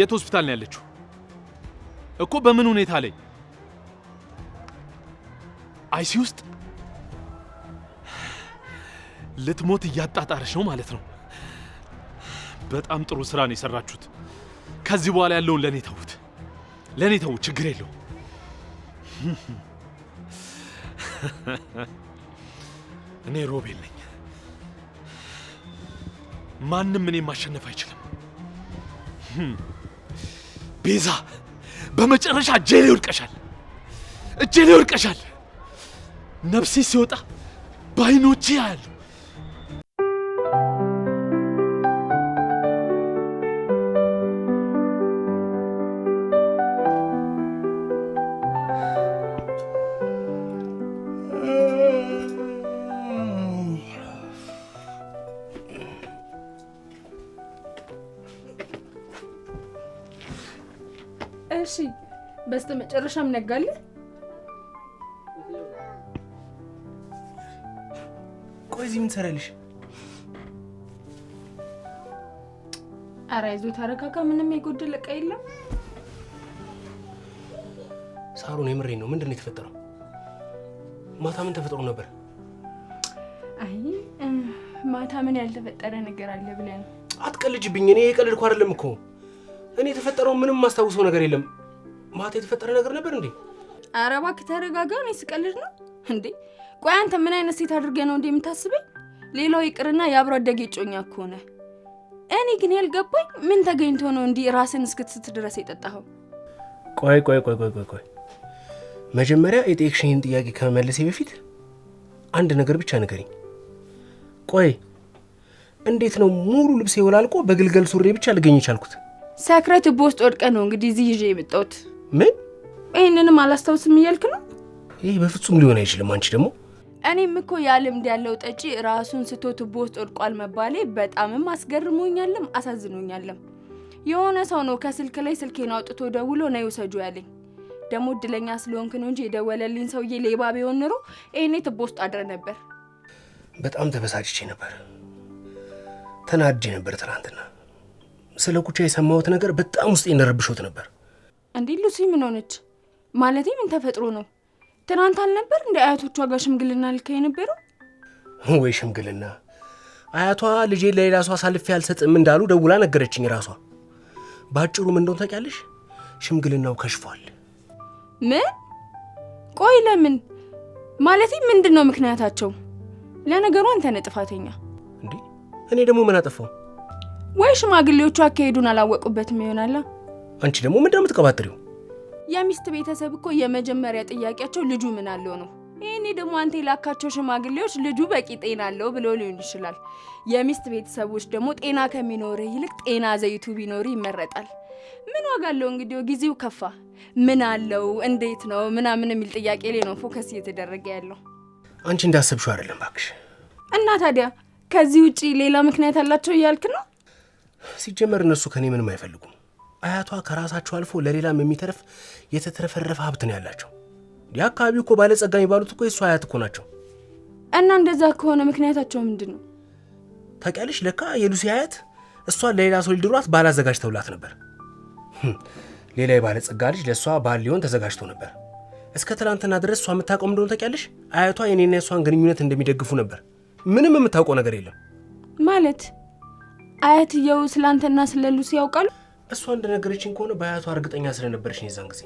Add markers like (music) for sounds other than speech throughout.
የት ሆስፒታል ነው ያለችው? እኮ በምን ሁኔታ ላይ? አይሲ ውስጥ ልትሞት እያጣጣረች ነው ማለት ነው። በጣም ጥሩ ስራ ነው የሰራችሁት። ከዚህ በኋላ ያለውን ለእኔ ተውት ለእኔ ተዉ፣ ችግር የለው (laughs) እኔ ሮቤል ነኝ። ማንም እኔ ማሸነፍ አይችልም። ቤዛ በመጨረሻ እጄ ላይ ወድቀሻል፣ እጄ ላይ ወድቀሻል። ነፍሴ ሲወጣ በአይኖቼ ያሉ መጨረሻም ነጋለህ። ቆይ እዚህ ምን ትሰሪያለሽ? ኧረ አይዞህ ተረጋጋ። ምንም የጎደለ ዕቃ የለም። ሳሩን የምሬ ነው። ምንድን ነው የተፈጠረው? ማታ ምን ተፈጥሮ ነበር? አይ ማታ ምን ያልተፈጠረ ነገር አለ ብለህ ነው? አትቀልጅብኝ። እኔ የቀልድኩ አይደለም እኮ እኔ የተፈጠረው ምንም ማስታውሰው ነገር የለም። ማታ የተፈጠረ ነገር ነበር እንዴ? ኧረ እባክህ ተረጋጋ። እኔ ስቀልድ ነው እንዴ? ቆይ አንተ ምን አይነት ሴት አድርገህ ነው እንዴ የምታስበኝ? ሌላው ይቅርና የአብሮ አደጌ ጮኛ ከሆነ እኔ ግን ያልገባኝ ምን ተገኝቶ ነው እንዲህ ራስን እስክትስት ድረስ የጠጣኸው? ቆይ ቆይ ቆይ ቆይ ቆይ መጀመሪያ የጤክሽን ጥያቄ ከመመለሴ በፊት አንድ ነገር ብቻ ንገሪኝ። ቆይ እንዴት ነው ሙሉ ልብሴ ወላልቆ በግልገል ሱሪ ብቻ ልገኝ ቻልኩት? ሰክረት ቦስጥ ወድቀ ነው እንግዲህ እዚህ ይዤ የመጣሁት። ምን? ይህንንም አላስታውስም እያልክ ነው? ይህ በፍጹም ሊሆን አይችልም። አንቺ ደግሞ እኔም እኮ ያ ልምድ ያለው ጠጪ ራሱን ስቶ ቱቦ ውስጥ ወድቋል መባሌ በጣምም አስገርሞኛልም አሳዝኖኛልም። የሆነ ሰው ነው ከስልክ ላይ ስልኬን አውጥቶ ደውሎ ነይ ውሰጁ ያለኝ። ደግሞ እድለኛ ስለሆንክ ነው እንጂ የደወለልኝ ሰውዬ ሌባ ቢሆን ኑሮ ይህኔ ቱቦ ውስጥ አድረ ነበር። በጣም ተበሳጭቼ ነበር፣ ተናድጄ ነበር። ትናንትና ስለ ኩቻ የሰማሁት ነገር በጣም ውስጤን ረብሾት ነበር። እንዴ ሉሲ ምን ሆነች? ማለቴ ምን ተፈጥሮ ነው? ትናንት አልነበር እንደ አያቶቿ ጋር ሽምግልና ልካ የነበረው? ወይ ሽምግልና! አያቷ ልጄ ለሌላ ሰው አሳልፌ አልሰጥም እንዳሉ ደውላ ነገረችኝ ራሷ። በአጭሩ ምን እንደሆነ ታውቂያለሽ? ሽምግልናው ከሽፏል። ምን? ቆይ ለምን? ማለቴ ምንድን ነው ምክንያታቸው? ለነገሩ አንተ ነህ ጥፋተኛ። እንዴ እኔ ደግሞ ምን አጠፋው? ወይ ሽማግሌዎቹ አካሄዱን አላወቁበትም ይሆናላ አንቺ ደግሞ ምንድነው የምትቀባጥሪው? የሚስት ቤተሰብ እኮ የመጀመሪያ ጥያቄያቸው ልጁ ምን አለው ነው። ይህኔ ደግሞ አንተ የላካቸው ሽማግሌዎች ልጁ በቂ ጤና አለው ብለው ሊሆን ይችላል። የሚስት ቤተሰቦች ደግሞ ጤና ከሚኖርህ ይልቅ ጤና ዘይቱ ቢኖር ይመረጣል። ምን ዋጋ አለው እንግዲህ ጊዜው ከፋ። ምን አለው እንዴት ነው ምናምን የሚል ጥያቄ ላይ ነው ፎከስ እየተደረገ ያለው። አንቺ እንዳሰብሽው አይደለም ባክሽ። እና ታዲያ ከዚህ ውጪ ሌላ ምክንያት አላቸው እያልክ ነው? ሲጀመር እነሱ ከኔ ምንም አይፈልጉም። አያቷ ከራሳቸው አልፎ ለሌላም የሚተርፍ የተትረፈረፈ ሀብት ነው ያላቸው። የአካባቢው እኮ ባለጸጋ የሚባሉት እኮ የእሱ አያት እኮ ናቸው። እና እንደዛ ከሆነ ምክንያታቸው ምንድን ነው? ታውቂያለሽ፣ ለካ የሉሲ አያት እሷን ለሌላ ሰው ሊድሯት ባል አዘጋጅተውላት ነበር። ሌላ የባለጸጋ ልጅ ለእሷ ባል ሊሆን ተዘጋጅቶ ነበር። እስከ ትናንትና ድረስ እሷ የምታውቀው እንደሆነ ታውቂያለሽ፣ አያቷ የኔና የእሷን ግንኙነት እንደሚደግፉ ነበር። ምንም የምታውቀው ነገር የለም ማለት አያትየው አንተና ስለ ሉሲ ያውቃሉ? እሷ እንደነገረችኝ ከሆነ በአያቷ እርግጠኛ ስለነበረች ነው የዛን ጊዜ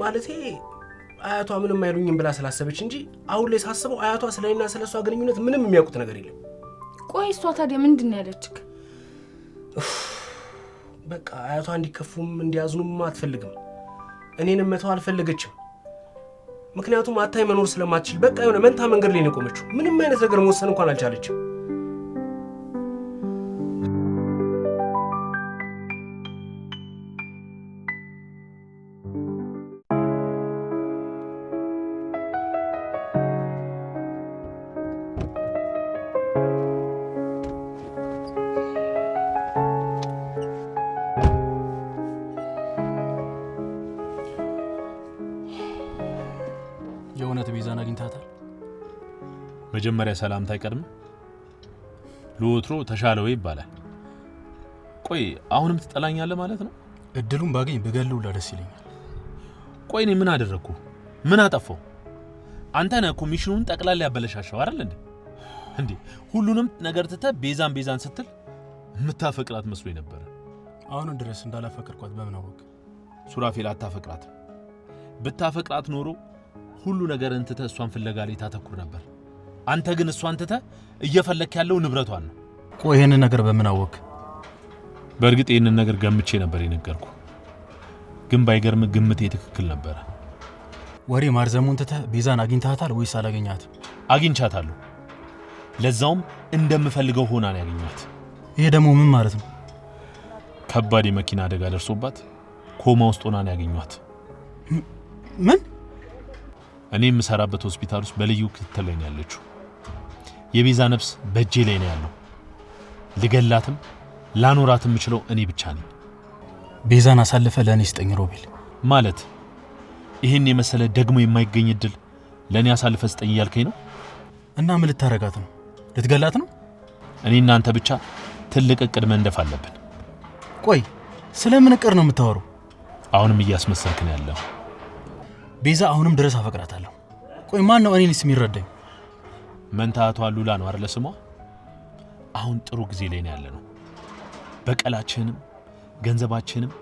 ማለቴ አያቷ ምንም አይሉኝም ብላ ስላሰበች እንጂ አሁን ላይ ሳስበው አያቷ ስለ እኔና ስለ እሷ ግንኙነት ምንም የሚያውቁት ነገር የለም። ቆይ እሷ ታዲያ ምንድን ያለችክ? በቃ አያቷ እንዲከፉም እንዲያዝኑም አትፈልግም። እኔንም መተው አልፈለገችም። ምክንያቱም አታይ መኖር ስለማትችል በቃ የሆነ መንታ መንገድ ላይ ነው የቆመችው። ምንም አይነት ነገር መወሰን እንኳን አልቻለችም። መጀመሪያ ሰላምታ አይቀድም? ለወትሮ ተሻለው ይባላል። ቆይ አሁንም ትጠላኛለ ማለት ነው? እድሉን ባገኝ ብገለውላ ደስ ይለኛል። ቆይ እኔ ምን አደረግኩ? ምን አጠፋው? አንተ ነህ እኮ ሚሽኑን ጠቅላላ ያበለሻሸው አይደል እንዴ? እንዴ ሁሉንም ነገር ትተህ ቤዛን ቤዛን ስትል የምታፈቅራት መስሎኝ ነበረ። አሁን ድረስ እንዳላፈቅርኳት በምን አወቅ? ሱራፌል አታፈቅራት። ብታፈቅራት ኖሮ ሁሉ ነገር እንትተህ እሷን ፍለጋ ላይ ታተኩር ነበር። አንተ ግን እሷን ትተህ እየፈለክ ያለው ንብረቷን ነው። ቆይ ይህንን ነገር በምን በእርግጥ ይህንን ነገር ገምቼ ነበር የነገርኩ፣ ግን ባይገርም ግምቴ ትክክል ነበረ። ወሬ ማርዘሙን ትተህ ቤዛን አግኝታታል ወይስ አላገኛት? አግኝቻታለሁ። ለዛውም እንደምፈልገው ሆና ነው ያገኛት። ይሄ ደግሞ ምን ማለት ነው? ከባድ የመኪና አደጋ ደርሶባት ኮማ ውስጥ ሆና ነው ያገኟት። ምን? እኔ የምሰራበት ሆስፒታል ውስጥ በልዩ ክትትል ላይ ነው ያለችው። የቤዛ ነፍስ በእጄ ላይ ነው ያለው። ልገላትም ላኖራትም የምችለው እኔ ብቻ ነኝ። ቤዛን አሳልፈ ለእኔ ስጠኝ ሮቤል። ማለት ይህን የመሰለ ደግሞ የማይገኝ እድል ለእኔ አሳልፈ ስጠኝ እያልከኝ ነው? እና ምን ልታረጋት ነው? ልትገላት ነው? እኔ እናንተ ብቻ ትልቅ እቅድ መንደፍ አለብን። ቆይ ስለምን እቅድ ነው የምታወሩ? አሁንም እያስመሰልክን ያለው። ቤዛ አሁንም ድረስ አፈቅራታለሁ። ቆይ ማን ነው እኔንስ የሚረዳኝ? መንታቷ ሉላ ነው አይደለ ስሟ? አሁን ጥሩ ጊዜ ላይ ነው ያለነው። በቀላችንም ገንዘባችንም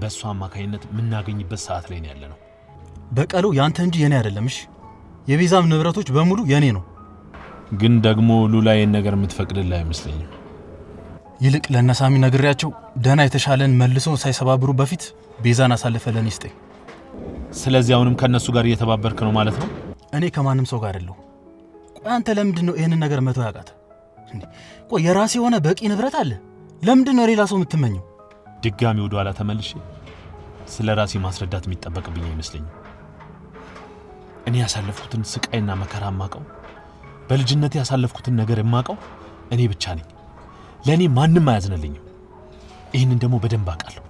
በእሷ አማካኝነት የምናገኝበት ሰዓት ላይ ነው ነው። በቀሉ ያንተ እንጂ የኔ አይደለም። እሺ የቤዛም ንብረቶች በሙሉ የኔ ነው። ግን ደግሞ ሉላ ይህን ነገር የምትፈቅድልህ አይመስለኝም። ይልቅ ለነሳሚ ነግሬያቸው ደህና የተሻለን መልሶ ሳይሰባብሩ በፊት ቤዛን አሳልፈ ለኔ ስለዚህ አሁንም ከእነሱ ጋር እየተባበርክ ነው ማለት ነው? እኔ ከማንም ሰው ጋር አይደለሁ አንተ ለምንድን ነው ይህንን ነገር መተው ያቃተ? ቆይ የራሴ የሆነ በቂ ንብረት አለ። ለምንድን ነው ሌላ ሰው የምትመኘው? ድጋሚ ወደ ኋላ ተመልሼ ስለ ራሴ ማስረዳት የሚጠበቅብኝ አይመስለኝም። እኔ ያሳለፍኩትን ስቃይና መከራ ማቀው በልጅነት ያሳለፍኩትን ነገር የማውቀው እኔ ብቻ ነኝ። ለእኔ ማንም አያዝነልኝም? ይህንን ደግሞ በደንብ አውቃለሁ።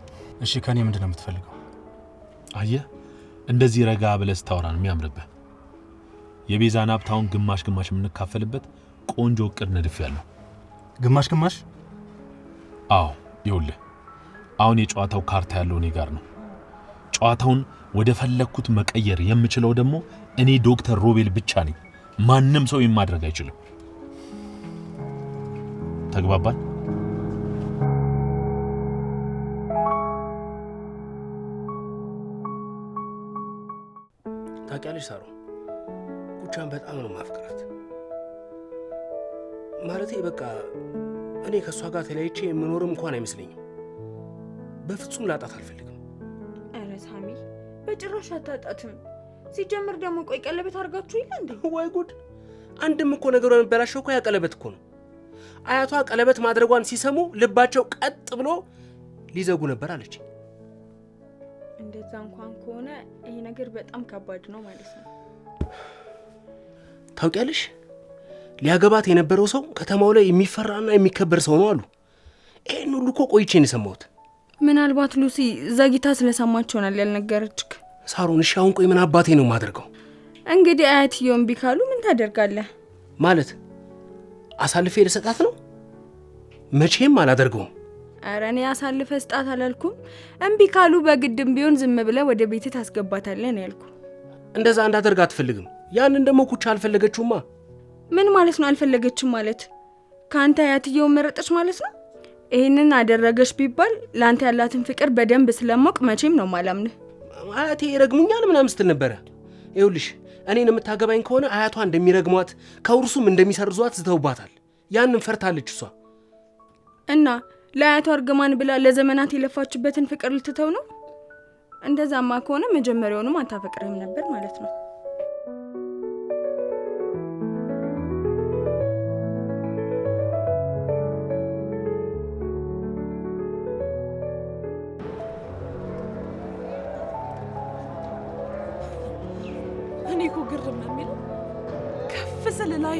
እሺ ከእኔ ምንድን ነው የምትፈልገው? አየህ እንደዚህ ረጋ ብለህ ስታወራን የሚያምርብህ የቤዛን ሀብታውን ግማሽ ግማሽ የምንካፈልበት ቆንጆ እቅድ ነድፍ ያለው ግማሽ ግማሽ። አዎ ይኸውልህ፣ አሁን የጨዋታው ካርታ ያለው እኔ ጋር ነው። ጨዋታውን ወደ ፈለግኩት መቀየር የምችለው ደግሞ እኔ ዶክተር ሮቤል ብቻ ነኝ። ማንም ሰው የማድረግ አይችልም። ተግባባል? ታውቂያለሽ ሳሮ ብቻን በጣም ነው ማፍቅራት። ማለቴ በቃ እኔ ከእሷ ጋር ተለያይቼ የምኖርም እንኳን አይመስለኝም። በፍጹም ላጣት አልፈልግም። ኧረ ሳሚ በጭራሽ አታጣትም። ሲጀምር ደግሞ ቆይ ቀለበት አድርጋችሁ ይለ እንዴ? (laughs) ወይ ጉድ! አንድም እኮ ነገሯ የሚበላሸው እኮ ያ ቀለበት እኮ ነው። አያቷ ቀለበት ማድረጓን ሲሰሙ ልባቸው ቀጥ ብሎ ሊዘጉ ነበር አለች። እንደዛ እንኳን ከሆነ ይሄ ነገር በጣም ከባድ ነው ማለት ነው። ታውቂያለሽ፣ ሊያገባት የነበረው ሰው ከተማው ላይ የሚፈራና የሚከበር ሰው ነው አሉ። ይህን ሁሉ እኮ ቆይቼን የሰማሁት። ምናልባት ሉሲ ዘግይታ ስለሰማች ይሆናል ያልነገረችክ። ሳሮን፣ እሺ አሁን ቆይ ምን አባቴ ነው የማደርገው? እንግዲህ አያትየው እምቢ ካሉ ምን ታደርጋለህ? ማለት አሳልፌ ልሰጣት ነው? መቼም አላደርገውም። ኧረ እኔ አሳልፈ ስጣት አላልኩም። እምቢ ካሉ በግድም ቢሆን ዝም ብለ ወደ ቤት ታስገባታለን ያልኩ። እንደዛ እንዳደርግ አትፈልግም ያንን ደግሞ ኩቻ አልፈለገችውማ። ምን ማለት ነው? አልፈለገችም ማለት ከአንተ አያትየውን መረጠች ማለት ነው። ይህንን አደረገች ቢባል ለአንተ ያላትን ፍቅር በደንብ ስለማውቅ መቼም ነው ማላምንህ። አያቴ ረግሙኛል ምናምን ስትል ነበረ። ይኸውልሽ እኔን የምታገባኝ ከሆነ አያቷ እንደሚረግሟት ከውርሱም እንደሚሰርዟት ዝተውባታል። ያንን ፈርታለች እሷ እና ለአያቷ እርግማን ብላ ለዘመናት የለፋችበትን ፍቅር ልትተው ነው። እንደዛማ ከሆነ መጀመሪያውንም አታፈቅርህም ነበር ማለት ነው።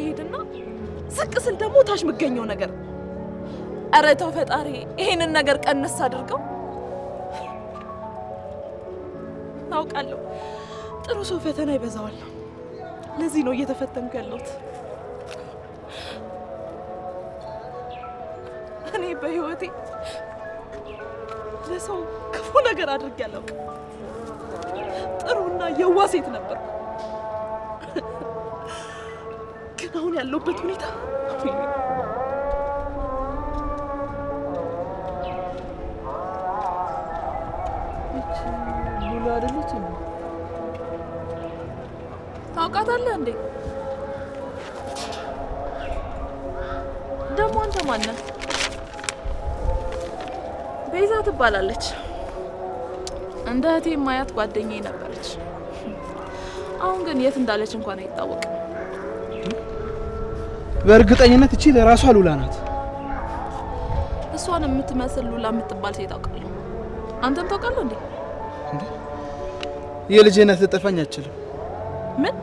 ይሄድና ዝቅ ስል ደግሞ ታች የምገኘው ነገር። ኧረ ተው ፈጣሪ ይሄንን ነገር ቀነስ አድርገው። አውቃለሁ ጥሩ ሰው ፈተና ይበዛዋል። ለዚህ ነው እየተፈተንኩ ያለሁት። እኔ በህይወቴ ለሰው ክፉ ነገር አድርጌ አላውቅም። ጥሩና የዋ ሴት ነበር። ያለውበት ሁኔታ አደለች ታውቃታለህ እንዴ? ደግሞ አንተ ማነህ? ቤዛ ትባላለች። እንደ እህቴ ማያት ጓደኛዬ ነበረች። አሁን ግን የት እንዳለች እንኳን አይታወቅም። በእርግጠኝነት እቺ ለራሷ ሉላ ናት። እሷን የምትመስል ሉላ የምትባል ሴት አውቃለሁ። አንተም ታውቃለህ እንዴ? የልጄ ናት። ልጠፋኝ አልችልም። ምን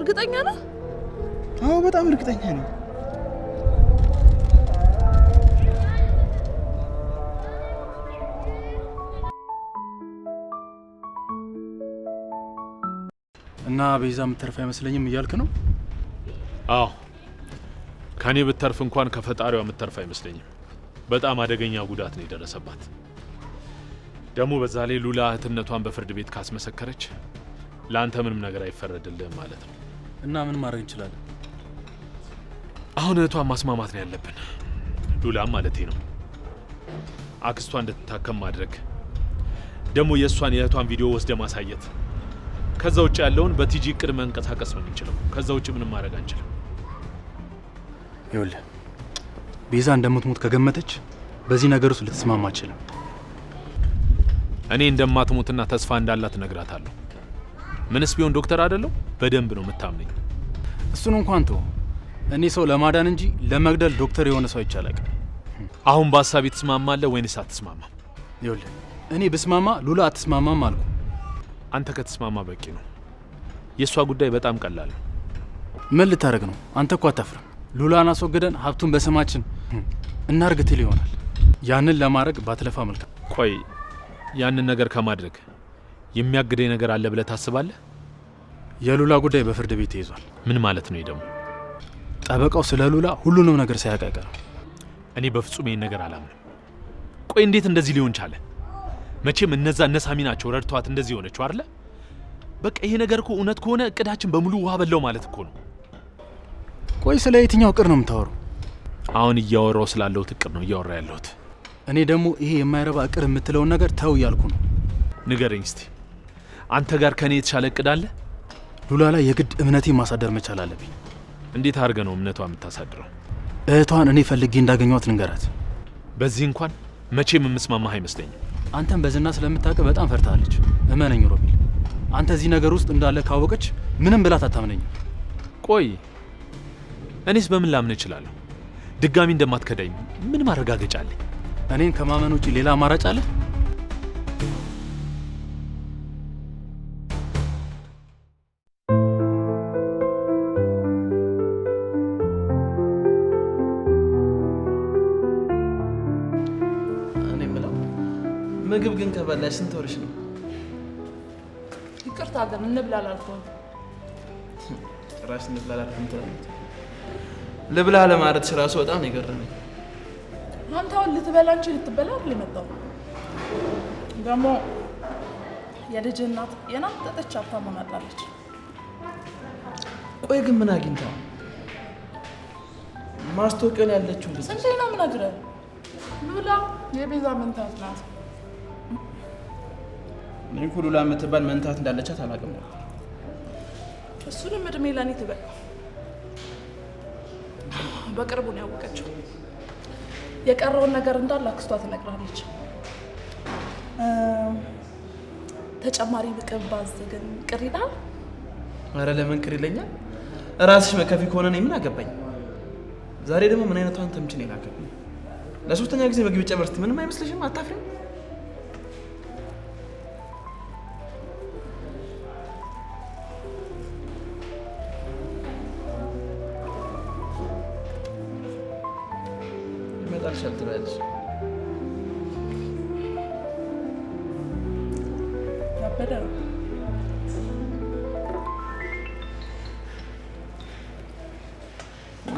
እርግጠኛ ነህ? አዎ፣ በጣም እርግጠኛ ነው። እና ቤዛ የምትርፍ አይመስለኝም እያልክ ነው? አዎ፣ ከእኔ ብትተርፍ እንኳን ከፈጣሪዋ የምትተርፍ አይመስለኝም። በጣም አደገኛ ጉዳት ነው የደረሰባት። ደግሞ በዛ ላይ ሉላ እህትነቷን በፍርድ ቤት ካስመሰከረች ለአንተ ምንም ነገር አይፈረድልህም ማለት ነው። እና ምን ማድረግ እንችላለን? አሁን እህቷን ማስማማት ነው ያለብን። ሉላም ማለቴ ነው። አክስቷ እንድትታከም ማድረግ ደግሞ የእሷን የእህቷን ቪዲዮ ወስደ ማሳየት ከዛ ውጭ ያለውን በቲጂ እቅድ መንቀሳቀስ ነው የምንችለው። ከዛ ውጭ ምንም ማድረግ አንችልም። ይኸውልህ ቤዛ እንደምትሞት ከገመተች በዚህ ነገር ውስጥ ልትስማማ አችልም። እኔ እንደማትሞትና ተስፋ እንዳላት እነግራታለሁ። ምንስ ቢሆን ዶክተር አይደለሁ፣ በደንብ ነው የምታምነኝ። እሱን እንኳን ተው። እኔ ሰው ለማዳን እንጂ ለመግደል ዶክተር የሆነ ሰው ይቻላል። አሁን በሀሳቤ ትስማማለህ ወይንስ አትስማማም? ይኸውልህ እኔ ብስማማ ሉላ አትስማማም አልኩ። አንተ ከተስማማ በቂ ነው። የእሷ ጉዳይ በጣም ቀላል ነው። ምን ልታደርግ ነው? አንተ እኮ አታፍርም። ሉላን አስወግደን ሀብቱን በስማችን እናርግ ትል ይሆናል። ያንን ለማድረግ ባትለፋ መልካም። ቆይ ያንን ነገር ከማድረግ የሚያግደኝ ነገር አለ ብለህ ታስባለህ? የሉላ ጉዳይ በፍርድ ቤት ተይዟል። ምን ማለት ነው? ደግሞ ጠበቃው ስለ ሉላ ሁሉንም ነገር ሳያቀቀ እኔ በፍጹም ይህን ነገር አላምንም። ቆይ እንዴት እንደዚህ ሊሆን ቻለ? መቼም እነዛ እነሳሚ ናቸው ረድቷት እንደዚህ የሆነችው አይደለ? በቃ ይሄ ነገር እኮ እውነት ከሆነ እቅዳችን በሙሉ ውሃ በላው ማለት እኮ ነው። ቆይ ስለ የትኛው እቅድ ነው የምታወሩ? አሁን እያወራው ስላለሁት እቅድ ነው እያወራ ያለሁት። እኔ ደግሞ ይሄ የማይረባ እቅድ የምትለውን ነገር ተው እያልኩ ነው። ንገረኝ እስቲ አንተ ጋር ከእኔ የተሻለ እቅድ አለ? ሉላ ላይ የግድ እምነቴን ማሳደር መቻል አለብኝ። እንዴት አድርገ ነው እምነቷ የምታሳድረው? እህቷን እኔ ፈልጌ እንዳገኟት ንገራት። በዚህ እንኳን መቼም የምስማማህ አይመስለኝም። አንተን በዝና ስለምታውቅ በጣም ፈርታለች። እመነኝ ሮቤል፣ አንተ እዚህ ነገር ውስጥ እንዳለ ካወቀች ምንም ብላት አታምነኝ። ቆይ እኔስ በምን ላምን እችላለሁ? ድጋሚ እንደማትከዳኝ ምን ማረጋገጫ አለኝ? እኔን ከማመን ውጪ ሌላ አማራጭ አለ? ከበላሽ ስንት ወርሽ ነው? ይቅርታ ግን እንብላ አላልኩም። ጭራሽ እንብላ አላልኩም ትላለች። ልብላ ለማለትሽ እራሱ በጣም ነው የገረመኝ። አንተ አሁን ልትበላ እንጂ ልትበላ አይደል የመጣው? ደግሞ የልጅ እናት የናጠጠች ሀብታም ሆናለች። ቆይ ግን ምን አግኝታ ማስታወቂያ ላይ ያለችው? ስንቴ ነው የምነግርህ? ሉላ የቤዛ መንታት ናት። እኔ ኩሉላ የምትባል መንታት እንዳለቻት አላውቅም ነበር። እሱንም እድሜ ለእኔ ትበል። በቅርቡ ነው ያወቀችው። የቀረውን ነገር እንዳለ አክስቷ ትነግራለች። ተጨማሪ ብቅባዝ ግን ቅር ይላል። አረ ለምን ቅር ይለኛል? እራስሽ መከፊ ከሆነ እኔ ምን አገባኝ? ዛሬ ደግሞ ምን አይነቷን ተምችን የላከብኝ። ለሶስተኛ ጊዜ ምግብ ጨመርስት ምንም አይመስልሽም? አታፍሪም? Bunları söndüreriz. Yaparım.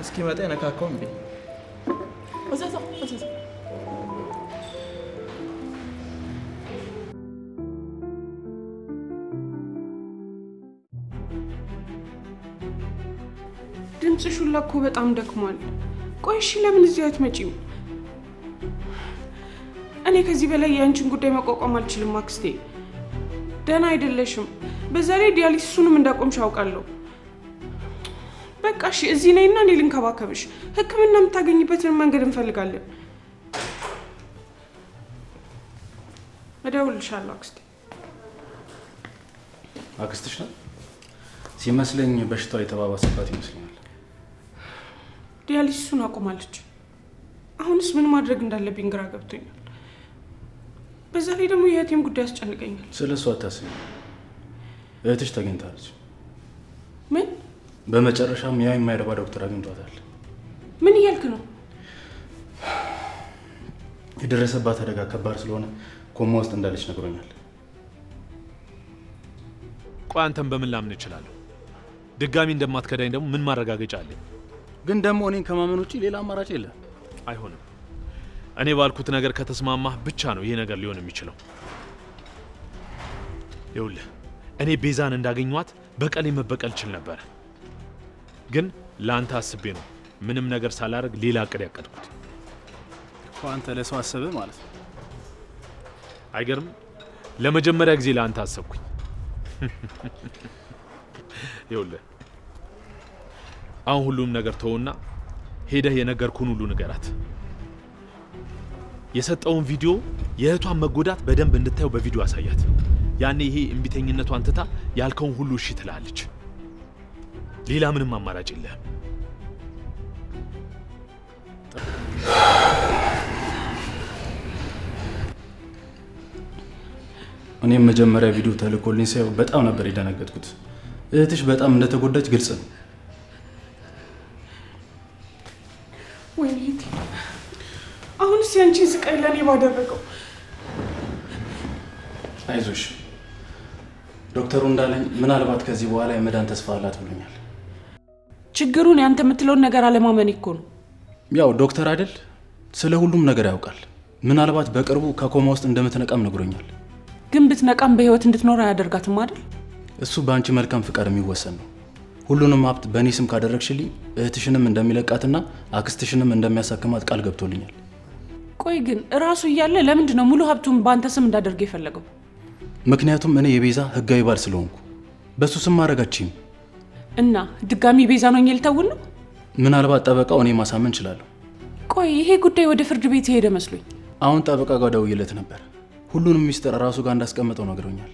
እስኪመጣ የነካካው እምቢ። ድምፅሽ ሁላ እኮ በጣም ደክሟል። ቆይ እሺ፣ ለምን እዚህ አትመጪም? እኔ ከዚህ በላይ የአንቺን ጉዳይ መቋቋም አልችልም አክስቴ። ደህና አይደለሽም። በዛ ላይ ዲያሊሲሱንም እንዳቆምሽ አውቃለሁ። በቃ እሺ፣ እዚህ ነይና እኔ ልንከባከብሽ። ሕክምና የምታገኝበትን መንገድ እንፈልጋለን። እደውልልሻለሁ አክስቴ። አክስትሽ ነው ሲመስለኝ። በሽታው የተባባሰባት ይመስለኛል። ዲያሊሲሱን አቆማለች። አሁንስ ምን ማድረግ እንዳለብኝ ግራ ገብቶኛል። በዛ ላይ ደግሞ የእህቴም ጉዳይ ያስጨንቀኛል። ስለ እሱ አታስቢ፣ እህትሽ ተገኝታለች። ምን? በመጨረሻም ያ የማይረባ ዶክተር አግኝቷታል። ምን እያልክ ነው? የደረሰባት አደጋ ከባድ ስለሆነ ኮማ ውስጥ እንዳለች ነግሮኛል። ቆይ አንተን በምን ላምን እችላለሁ? ድጋሚ እንደማትከዳኝ ደግሞ ምን ማረጋገጫ አለኝ? ግን ደግሞ እኔን ከማመን ውጪ ሌላ አማራጭ የለም። አይሆንም እኔ ባልኩት ነገር ከተስማማህ ብቻ ነው ይሄ ነገር ሊሆን የሚችለው። ይኸውልህ እኔ ቤዛን እንዳገኟት በቀሌ መበቀል ችል ነበረ፣ ግን ለአንተ አስቤ ነው ምንም ነገር ሳላደርግ ሌላ እቅድ ያቀድኩት አንተ ለሰው አሰበ ማለት ነው። አይገርም? ለመጀመሪያ ጊዜ ለአንተ አሰብኩኝ። ይኸውልህ አሁን ሁሉም ነገር ተውና ሄደህ የነገርኩን ሁሉ ንገራት። የሰጠውን ቪዲዮ የእህቷን መጎዳት በደንብ እንድታየው በቪዲዮ አሳያት። ያኔ ይሄ እምቢተኝነቷን ትታ ያልከውን ሁሉ እሺ ትላለች። ሌላ ምንም አማራጭ የለህም። እኔም መጀመሪያ ቪዲዮ ተልኮልኝ ሳየው በጣም ነበር የደነገጥኩት። እህትሽ በጣም እንደተጎዳች ግልጽ ነው። ቅዱስ ያንቺን ስቃይ ለእኔ ባደረገው። አይዞሽ ዶክተሩ እንዳለኝ ምናልባት ከዚህ በኋላ የመዳን ተስፋ አላት ብሎኛል። ችግሩን ያንተ የምትለውን ነገር አለማመን እኮ ነው። ያው ዶክተር አይደል ስለ ሁሉም ነገር ያውቃል። ምናልባት በቅርቡ ከኮማ ውስጥ እንደምትነቃም ነግሮኛል። ግን ብትነቃም በህይወት እንድትኖር አያደርጋትም አይደል? እሱ በአንቺ መልካም ፍቃድ የሚወሰን ነው። ሁሉንም ሀብት በእኔ ስም ካደረግሽልኝ እህትሽንም እንደሚለቃትና አክስትሽንም እንደሚያሳክማት ቃል ገብቶልኛል። ቆይ ግን እራሱ እያለ ለምንድን ነው ሙሉ ሀብቱን በአንተ ስም እንዳደርገ የፈለገው? ምክንያቱም እኔ የቤዛ ህጋዊ ባል ስለሆንኩ በእሱ ስም ማድረጋችም እና ድጋሚ ቤዛ ነኝ ልተውን ነው። ምናልባት ጠበቃው እኔ ማሳመን እችላለሁ። ቆይ ይሄ ጉዳይ ወደ ፍርድ ቤት የሄደ መስሎኝ። አሁን ጠበቃ ጋር ደውዬለት ነበር። ሁሉንም ሚስጥር ራሱ ጋር እንዳስቀመጠው ነግሮኛል።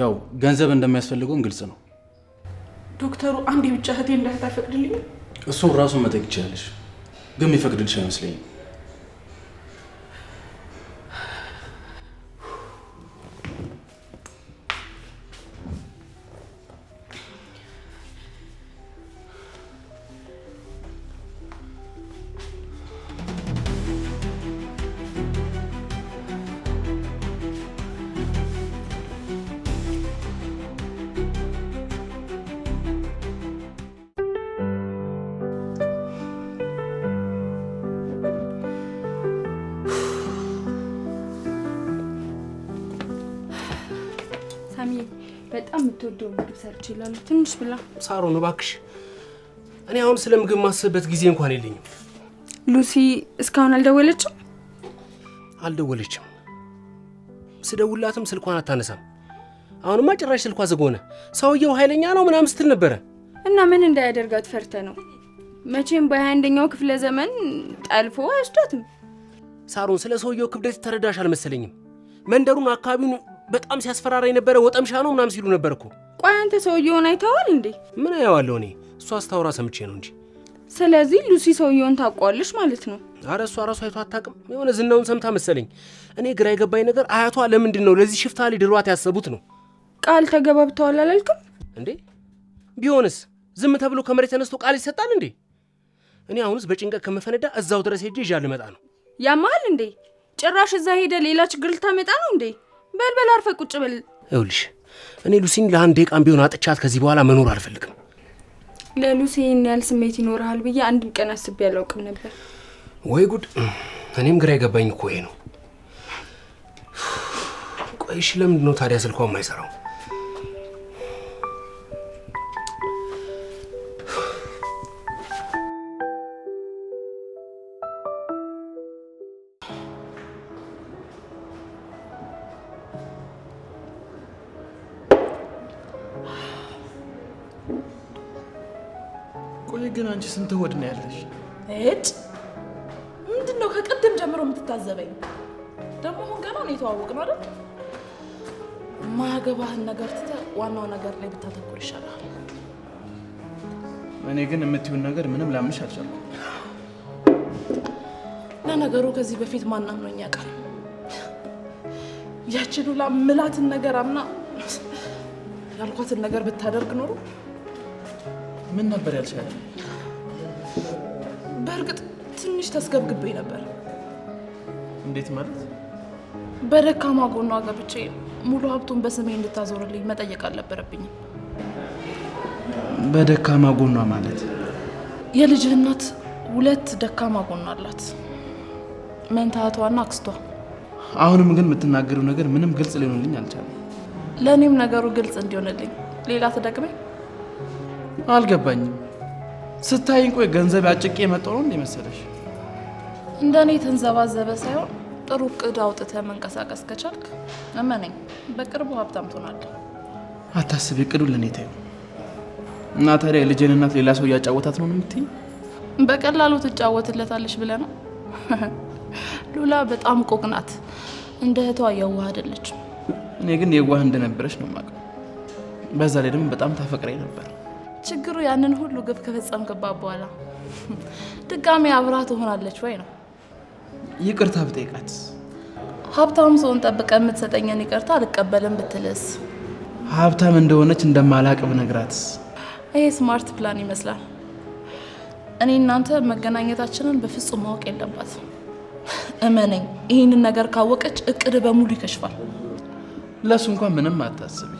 ያው ገንዘብ እንደሚያስፈልገውም ግልጽ ነው። ዶክተሩ አንዴ ብቻ እህቴ እንዳታፈቅድልኝ። እሱም ራሱን መጠየቅ ይችላለች፣ ግን የሚፈቅድልሽ አይመስለኝም። ሳሮን እባክሽ፣ እኔ አሁን ስለ ምግብ ማስብበት ጊዜ እንኳን የለኝም። ሉሲ እስካሁን አልደወለችም? አልደወለችም። ስደውላትም ስልኳን አታነሳም። አሁንማ ጭራሽ ስልኳ ዝግ ሆነ። ሰውየው ኃይለኛ ነው ምናምን ስትል ነበረ እና ምን እንዳያደርጋት ፈርተ ነው። መቼም በሃያ አንደኛው ክፍለ ዘመን ጠልፎ አይወስዳትም። ሳሮን ስለ ሰውየው ክብደት ተረዳሽ አልመሰለኝም። መንደሩን አካባቢውን በጣም ሲያስፈራራ የነበረ ወጠምሻ ነው ምናምን ሲሉ ነበር እኮ ቆይ አንተ ሰውየውን አይተዋል እንዴ? ምን አየዋለሁ እኔ፣ እሷ አስታውራ ሰምቼ ነው እንጂ። ስለዚህ ሉሲ ሰውየውን ታውቋለች ማለት ነው? አረ እሷ ራሱ አይቷ አታውቅም። የሆነ ዝናውን ሰምታ መሰለኝ። እኔ ግራ የገባኝ ነገር አያቷ ለምንድን ነው ለዚህ ሽፍታ ሊድሯት ያሰቡት ነው። ቃል ተገባብተዋል አላልክም እንዴ? ቢሆንስ ዝም ተብሎ ከመሬት ተነስቶ ቃል ይሰጣል እንዴ? እኔ አሁንስ በጭንቀት ከመፈነዳ እዛው ድረስ ሄጄ ይዣ ልመጣ ነው። ያማል እንዴ? ጭራሽ እዛ ሄደ ሌላ ችግር ልታመጣ ነው እንዴ? በልበል አርፈ ቁጭ በል። ይኸውልሽ እኔ ሉሲን ለአንድ ደቂቃም ቢሆን አጥቻት ከዚህ በኋላ መኖር አልፈልግም። ለሉሲ ይህን ያህል ስሜት ይኖርሃል ብዬ አንድም ቀን አስቤ አላውቅም ነበር። ወይ ጉድ! እኔም ግራ የገባኝ እኮ ይሄ ነው። ቆይሽ ለምንድን ነው ታዲያ ስልኳ የማይሰራው? ስንት ሆድ ነው ያለሽ? እድ ምንድን ነው ከቀደም ጀምሮ የምትታዘበኝ? ደግሞ አሁን ገና ነው የተዋወቅነው አይደል? ማያገባህን ነገር ትተህ ዋናው ነገር ላይ ብታተኩር ይሻላል። እኔ ግን የምትይውን ነገር ምንም ላምንሽ አልቻልኩም። ለነገሩ ከዚህ በፊት ማናም ነው ያውቃል። ያችሉ ምላትን ነገር አምና ያልኳትን ነገር ብታደርግ ኖሮ ምን ነበር ያልሻለ? ተስገብግቤ ነበር። እንዴት ማለት? በደካማ ጎኗ ገብቼ ሙሉ ሀብቱን በስሜ እንድታዞርልኝ መጠየቅ አልነበረብኝም። በደካማ ጎኗ ማለት? የልጅህ እናት ሁለት ደካማ ጎኗ አላት፣ መንታ አክስቷ። አሁንም ግን የምትናገረው ነገር ምንም ግልጽ ሊሆንልኝ አልቻለም። ለእኔም ነገሩ ግልጽ እንዲሆንልኝ ሌላ ተደቅመኝ አልገባኝም። ስታይኝ ቆይ ገንዘብ አጭቄ የመጣው ነው እንደ መሰለሽ? እንደኔ የተንዘባዘበ ሳይሆን ጥሩ እቅድ አውጥተህ መንቀሳቀስ ከቻልክ እመነኝ፣ በቅርቡ ሀብታም ትሆናለህ። አታስብ እቅዱ ለእኔ ተይው። እና ታዲያ የልጄን እናት ሌላ ሰው እያጫወታት ነው የምትይኝ? በቀላሉ ትጫወትለታለች ብለህ ነው? (laughs) ሉላ በጣም ቆቅ ናት። እንደ እህቷ የዋህ አይደለችም። እኔ ግን የዋህ እንደነበረች ነው የማውቀው። በዛ ላይ ደግሞ በጣም ታፈቅረኝ ነበር። ችግሩ ያንን ሁሉ ግብ ከፈጸምክባት በኋላ (laughs) ድጋሜ አብራ ትሆናለች ወይ ነው ይቅርታ ብጠይቃት? ሀብታም ሰውን ጠብቀ የምትሰጠኝን ይቅርታ አልቀበልም ብትልስ? ሀብታም እንደሆነች እንደማላቅ ብነግራትስ? ይሄ ስማርት ፕላን ይመስላል። እኔ እናንተ መገናኘታችንን በፍጹም ማወቅ የለባትም። እመነኝ፣ ይህንን ነገር ካወቀች እቅድ በሙሉ ይከሽፋል። ለእሱ እንኳን ምንም አታስቢ።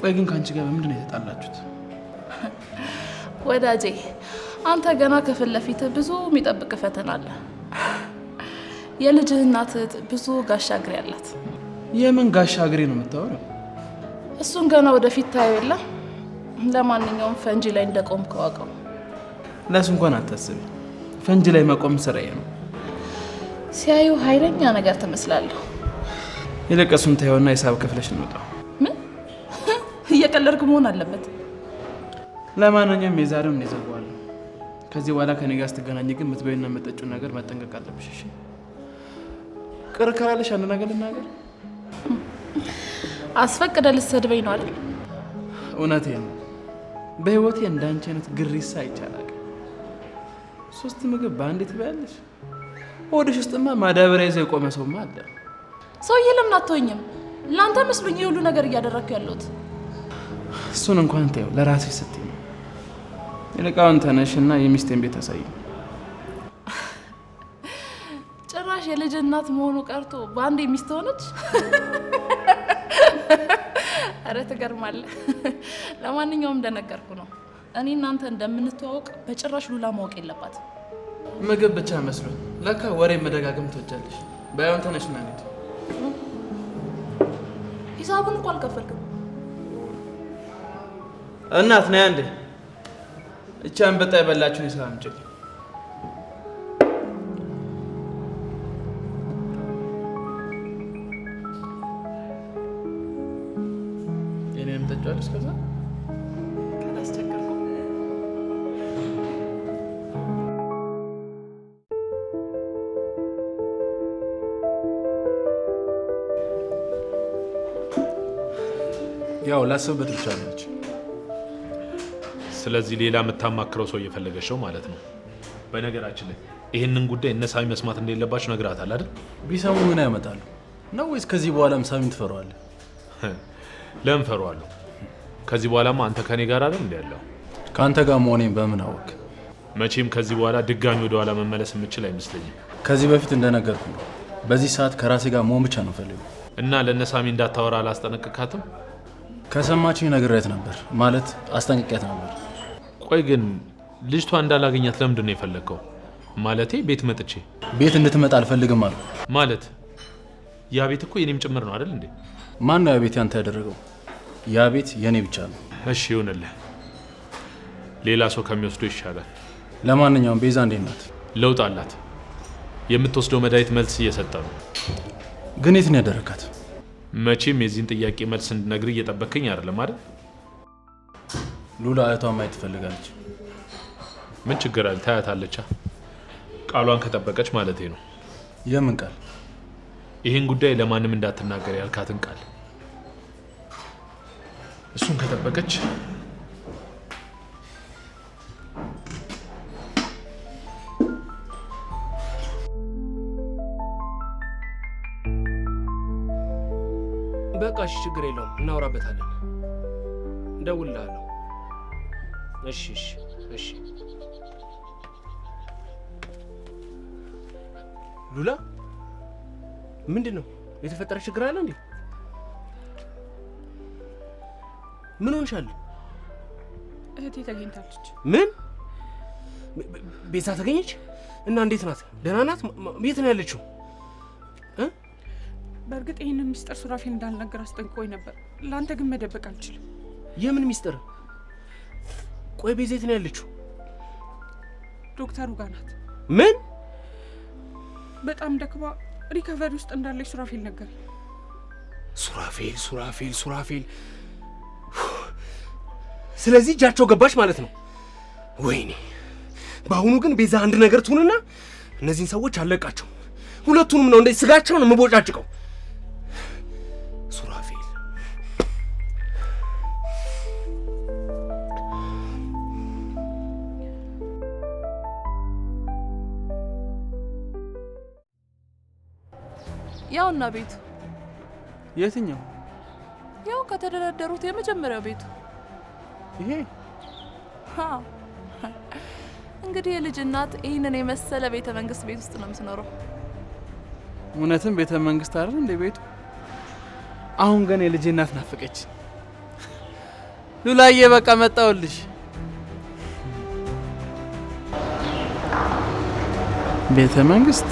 ቆይ ግን ከአንቺ ጋር በምንድን ነው የተጣላችሁት? ወዳጄ አንተ ገና ከፊት ለፊት ብዙ የሚጠብቅ ፈተና አለ። የልጅህ እናት ብዙ ጋሻ እግሬ አላት። የምን ጋሻ እግሬ ነው የምታወሪው? እሱን ገና ወደፊት ታየው የለ። ለማንኛውም ፈንጂ ላይ እንደቆም ከዋቀው ለሱ እንኳን አታስብ ፈንጂ ላይ መቆም ስራዬ ነው። ሲያዩ ኃይለኛ ነገር ትመስላለሁ። የለቀሱን ታየውና ሂሳብ ክፍለሽ እንወጣው። ምን እየቀለድክ መሆን አለበት። ለማንኛውም የዛሬውን ይዘው ከዚህ በኋላ ከኔ ጋር ስትገናኝ ግን የምትበይና የምጠጪው ነገር መጠንቀቅ አለብሽ። እሺ? ቅር ካላለሽ አንድ ነገር ልናገር። አስፈቅደ ልትሰድበኝ ነው አይደል? እውነቴ ነው። በህይወቴ እንዳንቺ አይነት ግሪሳ አይቻላል። ሶስት ምግብ በአንዴ ትበያለሽ። ሆድሽ ውስጥማ ማዳበሪያ ይዘው የቆመ ሰውማ አለ። ሰውዬ ለምን አትሆኝም? ለአንተ መስሎኝ የሁሉ ነገር እያደረግኩ ያለሁት። እሱን እንኳን ተይው፣ ለራስሽ ስትይ ይልቃውን ተነሽና የሚስቴን ቤት አሳይ። ጭራሽ የልጅ እናት መሆኑ ቀርቶ በአንድ የሚስት ሆነች። እረ ትገርማለህ። ለማንኛውም እንደነገርኩ ነው እኔ እናንተ እንደምንተዋወቅ በጭራሽ ሉላ ማወቅ የለባት። ምግብ ብቻ መስሎኝ ለካ ወሬ መደጋገም ትወጃለሽ። ባይሆን ተነሽና እንሂድ። ሂሳቡን እኮ አልከፈልክም። እናት ነይ አንዴ እቺ አንበጣ የበላችሁን የስራ ምጭል የኔንም ጠጫዋለች ከዛ ያው ላስብበት ብቻ ነች። ስለዚህ ሌላ የምታማክረው ሰው እየፈለገች ነው ማለት ነው። በነገራችን ላይ ይህንን ጉዳይ እነ ሳሚ መስማት እንደሌለባቸው ነግራታል አይደል? ቢሰሙ ምን ያመጣሉ ነው ወይስ ከዚህ በኋላም ሳሚን ትፈሯዋለ? (laughs) ለምን ፈራዋለሁ? ከዚህ በኋላማ አንተ ከኔ ጋር አለ እንዲ ያለው ከአንተ ጋር መሆኔን በምን አወቅ? መቼም ከዚህ በኋላ ድጋሚ ወደ ኋላ መመለስ የምችል አይመስለኝም። ከዚህ በፊት እንደነገርኩ ነው። በዚህ ሰዓት ከራሴ ጋር መሆን ብቻ ነው ፈልገው እና ለእነ ሳሚ እንዳታወራ አላስጠነቅካትም? ከሰማችኝ ነግሬያት ነበር ማለት አስጠንቅቄያት ነበር። ቆይ ግን ልጅቷ እንዳላገኛት ለምንድን ነው የፈለግከው? ማለቴ ቤት መጥቼ ቤት እንድትመጣ አልፈልግም አሉ። ማለት ያ ቤት እኮ የኔም ጭምር ነው አይደል እንዴ? ማን ነው ያ ቤት ያንተ ያደረገው? ያ ቤት የኔ ብቻ ነው። እሺ ይሁንልህ፣ ሌላ ሰው ከሚወስዶ ይሻላል። ለማንኛውም ቤዛ እንዴት ናት? ለውጥ አላት። የምትወስደው መድኃኒት መልስ እየሰጠ ነው። ግን የት ነው ያደረካት? መቼም የዚህን ጥያቄ መልስ እንድነግር እየጠበቅኝ አይደለም አይደል? ሉላ እህቷን ማየት ትፈልጋለች። ምን ችግር አለ? ታያታለቻ። ቃሏን ከጠበቀች ማለት ነው። የምን ቃል? ይህን ጉዳይ ለማንም እንዳትናገር ያልካትን ቃል። እሱን ከጠበቀች በቃ ችግር የለውም፣ እናወራበታለን። እደውልልሃለሁ። እሺ እሺ እሺ ሉላ ምንድን ነው የተፈጠረ ችግር አለ እንዴ? ምን ሆንሻል? እህቴ ተገኝታለች። ምን ቤዛ ተገኘች? እና እንዴት ናት? ደህና ናት? የት ነው ያለችው? በእርግጥ ይህንን ሚስጥር ሱራፌን እንዳልነገር አስጠንቅቆኝ ነበር። ለአንተ ግን መደበቅ አልችልም። የምን ሚስጥር? ቆይ ቤዛ ነው ያለችው? ዶክተሩ ጋር ናት። ምን? በጣም ደክማ ሪከቨሪ ውስጥ እንዳለች ሱራፌል ነገር ሱራፌል ሱራፌል ሱራፌል። ስለዚህ እጃቸው ገባች ማለት ነው። ወይኔ! በአሁኑ ግን ቤዛ አንድ ነገር ትሁንና እነዚህን ሰዎች አለቃቸው። ሁለቱንም ነው እንደ ስጋቸውን የምቦጫጭቀው። ያውና ቤቱ የትኛው? ያው ከተደረደሩት የመጀመሪያው ቤቱ ይሄ። እንግዲህ የልጅ እናት ይህንን የመሰለ ቤተ መንግስት ቤት ውስጥ ነው የምትኖረው። እውነትም ቤተ መንግስት አይደል እንደ ቤቱ። አሁን ግን የልጅ እናት ናፈቀች። ሉላዬ በቃ መጣውልሽ። ቤተ መንግስት